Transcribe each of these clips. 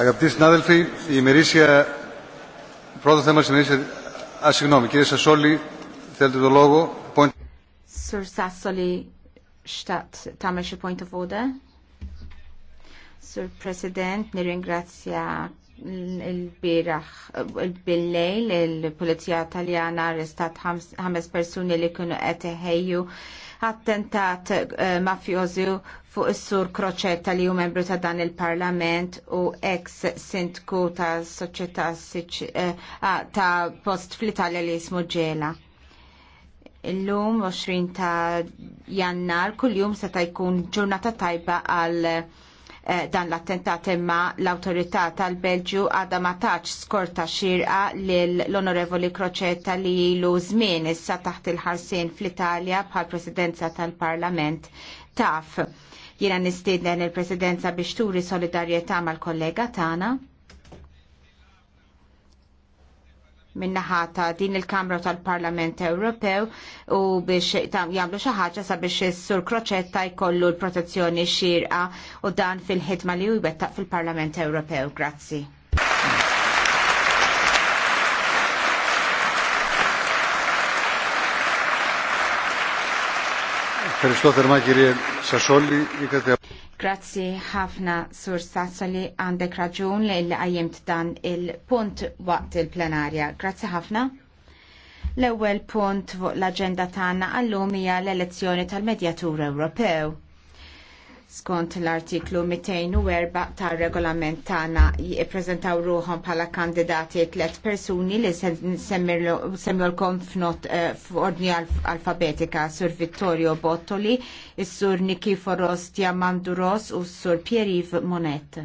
Αγαπητοί συνάδελφοι, η ημερήσια... Πρώτο θέμα στην ημερήσια... Α, συγγνώμη, κύριε Σασόλη, θέλετε το λόγο. Point... Sir Sassoli, xtaqt tamme point of order. Sir President, nirringrazzja il-biraħ il-billejl il-Polizija Taljana arrestat ħames persuni li kienu qed iħejju attentat eh, mafjożu fuq is-sur Kroċetta li hu membru ta' dan il-Parlament u ex sindku ta' soċjetà eh, ah, ta' post fl-Italja li jismu ġela. Illum 20 ta' jannar kuljum seta' jkun ġurnata tajba għal Eh, dan l-attentat imma l-autorità tal-Belġu għadha ma taċ skorta xirqa l-Onorevoli Kroċetta li ilu żmien issa taħt il-ħarsien fl-Italja bħal presidenza tal-Parlament taf. Jiena nistiednen il-presidenza biex turi solidarjetà mal-kollega tagħna minnaħa ta' din il-Kamra tal-Parlament Ewropew u biex jagħmlu xi ħaġa sabiex is-Sur Kroċetta jkollu l-protezzjoni xirqa u dan fil-ħidma li jwettaq fil-Parlament Ewropew. Grazzi. Grazzi ħafna sur Sassoli għandek raġun li għajjemt dan il-punt waqt il-plenarja. Grazzi ħafna. L-ewwel punt fuq l agenda tagħna għallum hija l-elezzjoni tal-Medjatur Ewropew skont l-artiklu 204 tar regolament tagħna jippreżentaw ruhom bħala kandidati tliet persuni li semmilkom f'not eh, f'ordni alfabetika sur Vittorio Bottoli, sur Nikiforos Diamanduros u s-sur Pieriv Monet.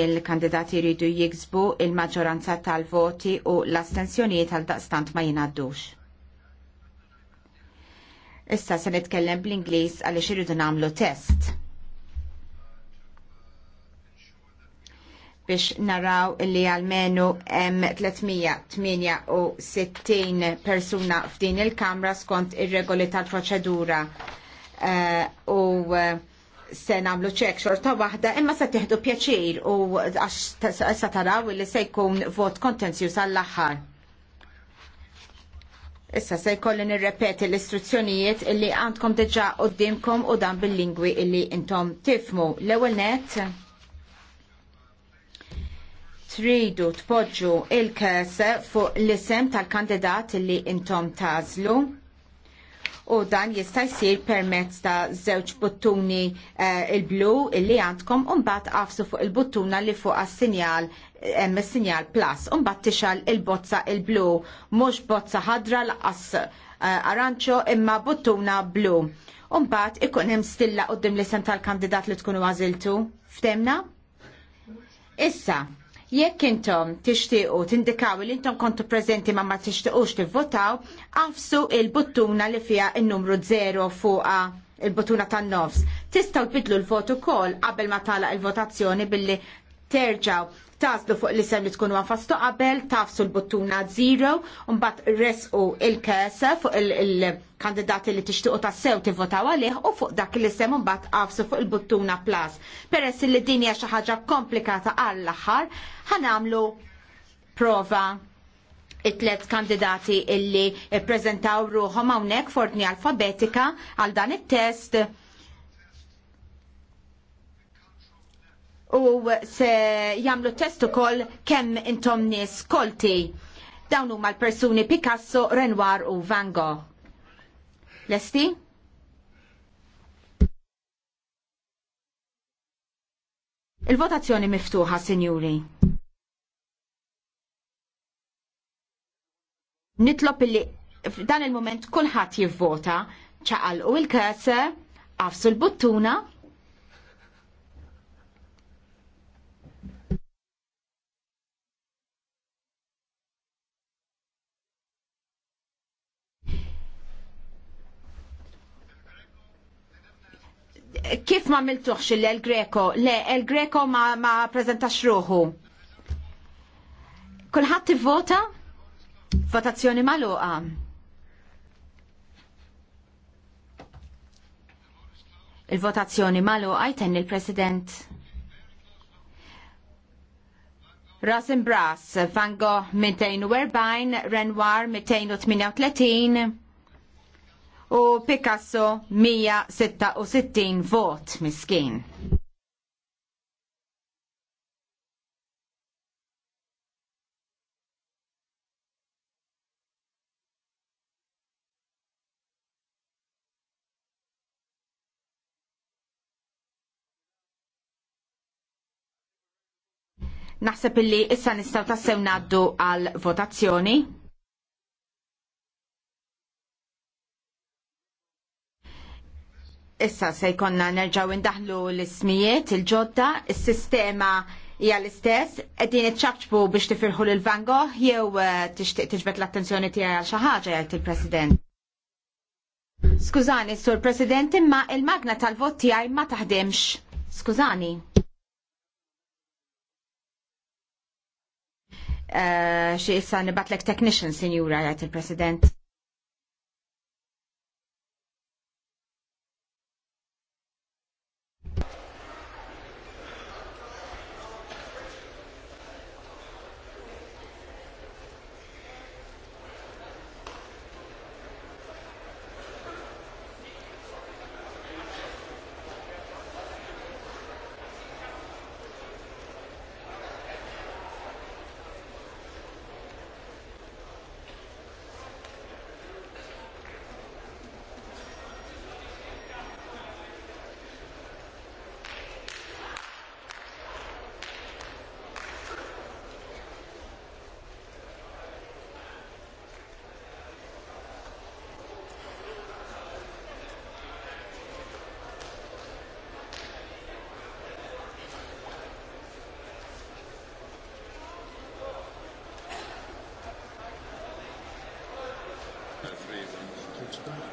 il-kandidati jridu jiksbu il-maġġoranza tal-voti u l-astensjonijiet tal daqstant ma jinaddux. Issa se nitkellem bl-Ingliż għaliex irridu nagħmlu test. biex naraw li għalmenu hemm 368 persuna f'din il-kamra skont ir-regoli tal-proċedura eh, u eh, se nagħmlu ċek xorta waħda imma se tieħdu pjaċir u għax se taraw li se jkun vot kontenzjus għall-aħħar. Issa se jkolli nirrepeti l-istruzzjonijiet illi għandkom deġa dimkom u dan bil-lingwi illi intom tifmu. L-ewwel net tridu tpoġġu il-kese fuq l-isem tal-kandidat illi intom tazlu u dan jista' jsir permezz ta' żewġ buttuni uh, il-blu illi għandkom u mbagħad qafsu fuq il-buttuna li fuq għas-sinjal hemm is-sinjal plus u mbagħad tixal il-bozza il-blu mhux bozza ħadra laqas uh, aranċo imma buttuna blu. U mbagħad ikun hemm stilla qudiem l-isem tal-kandidat li tkunu għażiltu. Ftemna? Issa, Jekk intom tixtiequ tindikaw li intom kontu prezenti ma ma tixtiequx tivvotaw, afsu il-buttuna li fiha il numru 0 fuqha il-buttuna tan-nofs. Tistgħu bidlu l-votu kol qabel ma tagħlaq il-votazzjoni billi terġaw taslu fuq li semmi li tkunu għanfastu qabel, tafsu l-buttuna 0, unbat resqu il-kesa fuq il-kandidati li tixtuqu tassew tivvotaw għalih u fuq dak l-isem bat għafsu fuq il-buttuna plus. Peress li dinja xaħġa komplikata għall-axar, ħanamlu prova it-tlet kandidati illi prezentaw ruħom hawnhekk fortni alfabetika għal dan it-test u se jagħmlu test ukoll kemm intom nies kolti. Dawn huma l-persuni Picasso, Renoir u Van Gogh. Lesti? Il-votazzjoni miftuħa, sinjuri. Nitlob illi f'dan il-moment kulħadd jivvota ċaqal u il-kese, għafsu l-buttuna, kif ma miltuħx l Greco? Le, l Greco ma, ma prezentax ruħu. Kulħadd vota? Votazzjoni maluqa. Il-votazzjoni maluqa jtenni il-President. Rasenbras, Van Gogh 240, Renoir 238, u Picasso 166 vot miskin. Naħseb illi issa nistgħu tassew ngħaddu għal votazzjoni. Issa se jkonna nerġaw indaħlu l-ismijiet, il-ġodda, il-sistema hija l-istess, qegħdin iċċaċbu biex tifirħu lil Van Gogh jew eh, tixtieq tiġbed l-attenzjoni tiegħi għal xi ħaġa jgħid il-President. Skużani, Sur President, imma il-magna tal-vot tiegħi ma taħdimx. Skużani. Eh, xi issa nibatlek technician, sinjura, jgħid il-President.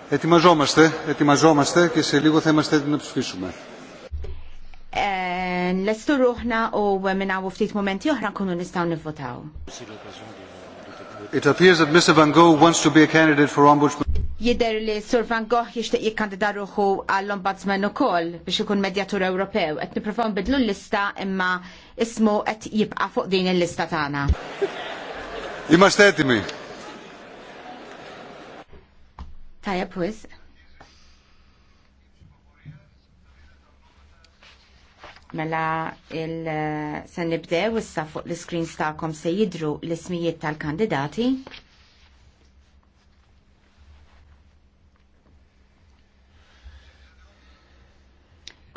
Ετοιμαζόμαστε, ετοιμαζόμαστε και σε λίγο θα είμαστε έτοιμοι να ψηφίσουμε. Lestu ruħna u minna u ftit momenti oħra kunu nistaw nivvotaw. It appears that Mr. Van Gogh wants to be a candidate for ombudsman. Jider li Sir Van Gogh jishtiq jikkandida ruħu għall-ombudsman u koll biex ikun medjatur Ewropew. Et niprofon bidlu l-lista imma ismu et jibqa fuq din l lista tana. Imma stetimi. Tajab wis. Mela il eh, se nibdew issa fuq l-screens tagħkom se jidru l-ismijiet tal-kandidati.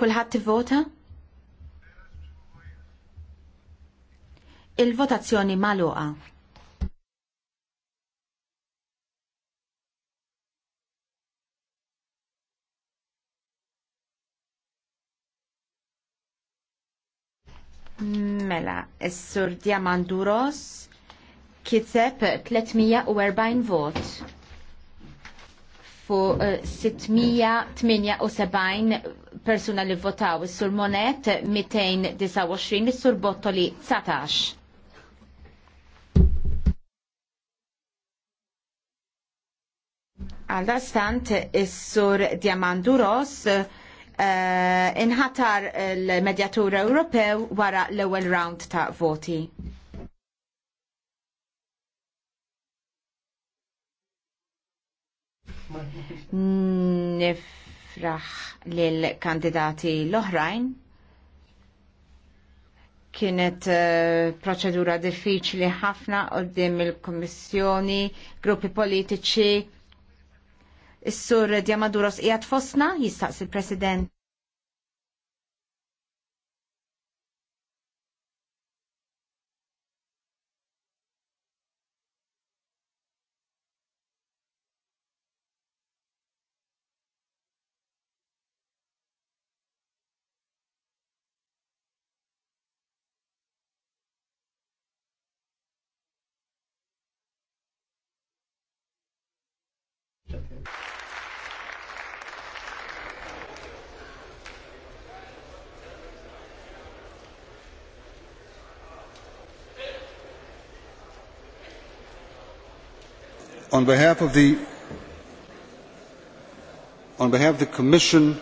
Kulħadd tivvota? Il-votazzjoni magħluqa. Mela, s-sur Diamanduros kiteb 340 vot fu 678 eh, persuna li votaw, s-sur Monet 229, s-sur Bottoli 19. stant s-sur Diamanduros Eh, inħatar l-Medjatur Ewropew wara l-ewwel round ta' voti. Nifraħ lill-kandidati l-oħrajn. Kienet eh, proċedura diffiċli ħafna qoddim il-Kommissjoni, gruppi politiċi, Is-sur Diamaduros qiegħed fosna jistaqsi il-President. Thank you. on behalf of the on behalf of the Commission,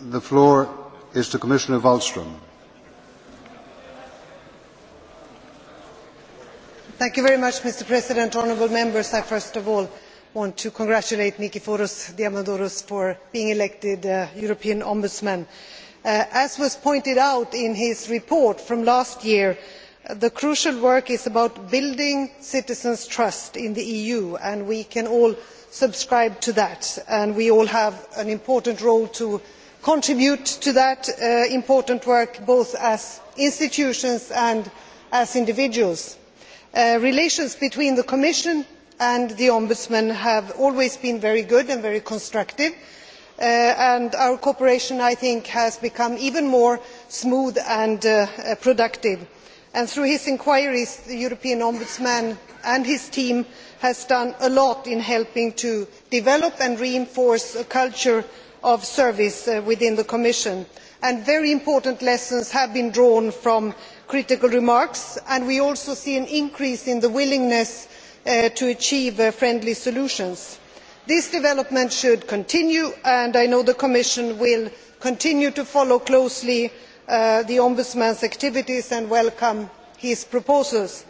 the floor is to Commissioner Wallström. Thank you very much, Mr. President. Honourable members, I first of all want to congratulate Nikiforos Diamandouros for being elected uh, European Ombudsman. Uh, as was pointed out in his report from last year, the crucial work is about building citizens' trust in the eu and we can all subscribe to that and we all have an important role to contribute to that uh, important work both as institutions and as individuals. Uh, relations between the commission and the ombudsman have always been very good and very constructive uh, and our cooperation has become even more smooth and productive and through his inquiries the european ombudsman and his team have done a lot in helping to develop and reinforce a culture of service uh, within the commission and very important lessons have been drawn from critical remarks and we also see an increase in the willingness uh, to achieve uh, friendly solutions. this development should continue and i know the commission will continue to follow closely Uh, the Ombudsman's activities and welcome his proposals.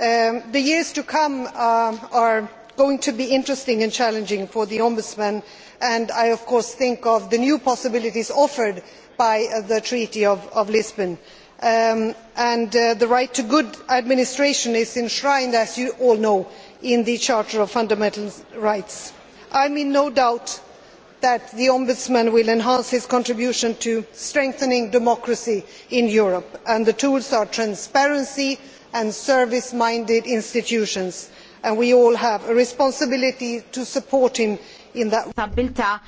Um, the years to come uh, are going to be interesting and challenging for the Ombudsman and I of course think of the new possibilities offered by uh, the Treaty of, Lisbon. Um, the right to good administration is enshrined, as you all know, in the Charter of Fundamental Rights. I am in no doubt that the ombudsman will enhance his contribution to strengthening democracy in europe and the tools are transparency and service minded institutions and we all have a responsibility to support him in that responsibilità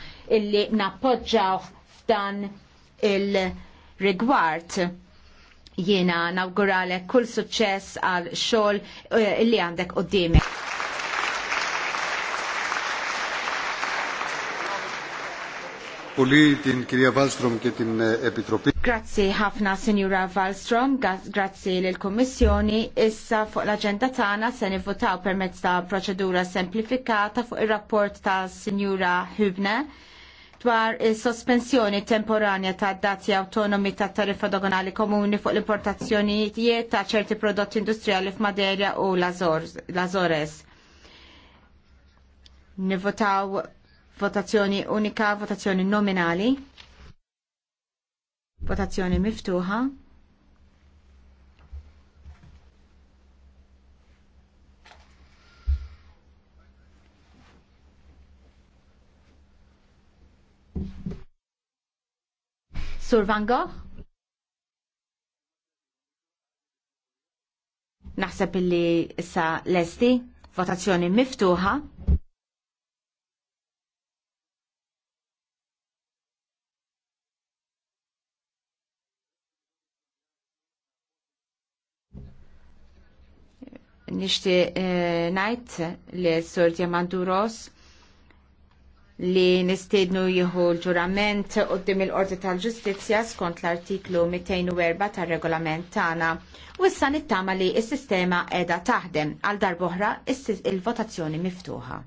jiena nawguralek kull suċċess għal xogħol eh, għandek Grazzi Grazie ħafna Sinjura Wallstrom, grazie l-Kommissjoni. Issa fuq l-agenda tagħna se nivvotaw permezz ta' proċedura semplifikata fuq ir-rapport ta' Sinjura Hübne dwar is-sospensjoni temporanja ta' dati autonomi ta' tariffa doganali komuni fuq l-importazzjonijiet ta' ċerti prodotti industrijali f'Maderja u l-Azores. Nivotaw Votazzjoni unika, votazzjoni nominali. Votazzjoni miftuħa. Sur Van Gogh? Naħseb illi issa lesti, votazzjoni miftuħa. nishti eh, najt li s sort jamanduros li nistednu jieħu l-ġurament qoddim il-Qorti tal-Ġustizzja skont l-artiklu 204 tar-regolament tagħna. U issa nittama li s-sistema qiegħda taħdem għal darb'oħra il-votazzjoni miftuħa.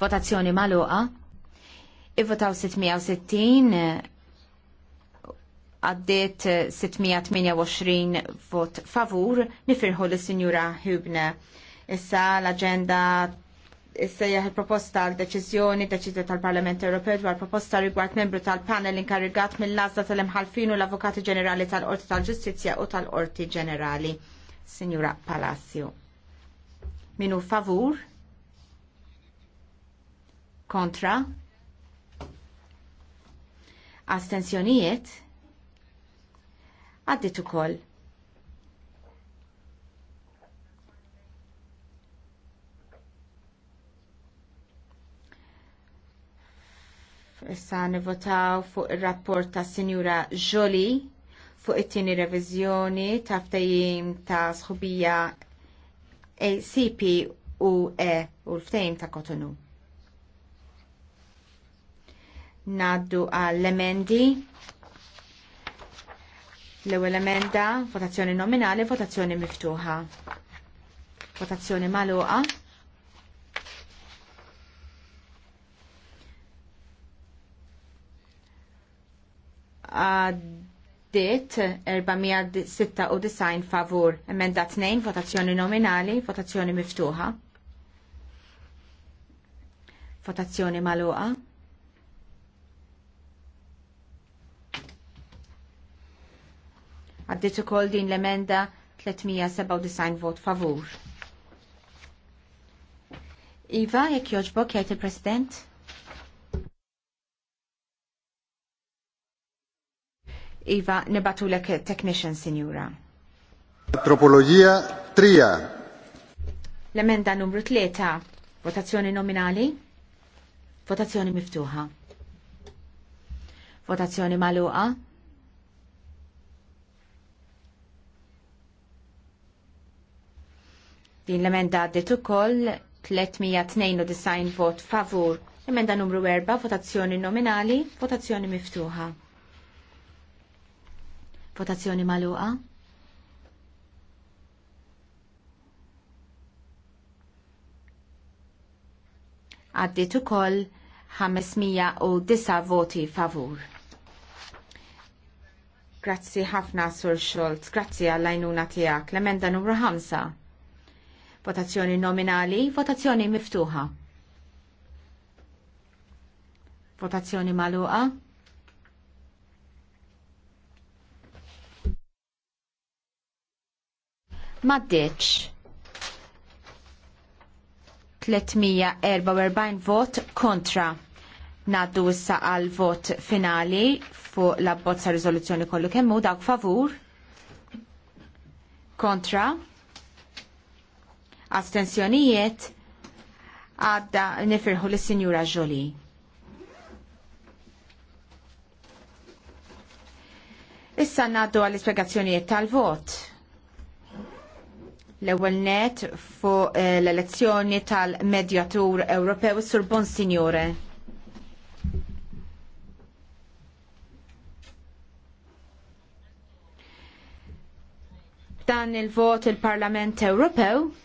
Votazzjoni maluqa. Ivvotaw 660 għaddiet 628 vot favur nifirħu l-Sinjura Hübne. Issa l-agenda Issejjaħ il-proposta għal deċiżjoni deċizja tal-Parlament Ewropew dwar proposta rigward membru tal-panel inkarigat mill-lazda tal-imħalfin u l avokati Ġenerali tal-Qorti tal-Ġustizzja u tal-Qorti Ġenerali, Sinjura Palacio. Minu favur? Kontra? astensjonijiet għaddit ukoll. Issa nivotaw fuq ir-rapport ta' Sinjura Jolie fuq it-tieni reviżjoni ta' ftehim ta' sħubija ACP u E u l-ftehim ta' Kotonu naddu għall-emendi. L-ewwel emenda, votazzjoni nominali, votazzjoni miftuħa. Votazzjoni magħluqa. Għaddit 496 favur. Emenda 2, votazzjoni nominali, votazzjoni miftuħa. Votazzjoni magħluqa. Għaddit ukoll din l-emenda 397 vot favur. Iva, jekk joġbok jgħid il-President? Iva, l-ek technician, sinjura. Antropologija 3. L-emenda numru 3. Votazzjoni nominali. Votazzjoni miftuħa. Votazzjoni maluqa. Din l-emenda għaddit ukoll 392 vot favur. Emenda numru 4, votazzjoni nominali, votazzjoni miftuħa. Votazzjoni maluqa. Għaddit ukoll 509 voti favur. Grazzi ħafna, Sur Schultz. Grazzi għall-għajnuna tijak. L-emenda numru 5. Votazzjoni nominali, votazzjoni miftuħa. Votazzjoni maluqa. Maddeċ. 344 vot kontra. Naddu issa għal vot finali fuq la bozza rizoluzzjoni kollu kemmu dawk favur. Kontra astensjonijiet għadda nifirħu lis sinjura ġoli. Issa naddu għall-ispiegazzjonijiet tal-vot l-ewwel net fuq eh, l-elezzjoni tal-Medjatur Ewropew Sur Bonsignore. Dan il-vot il-Parlament Ewropew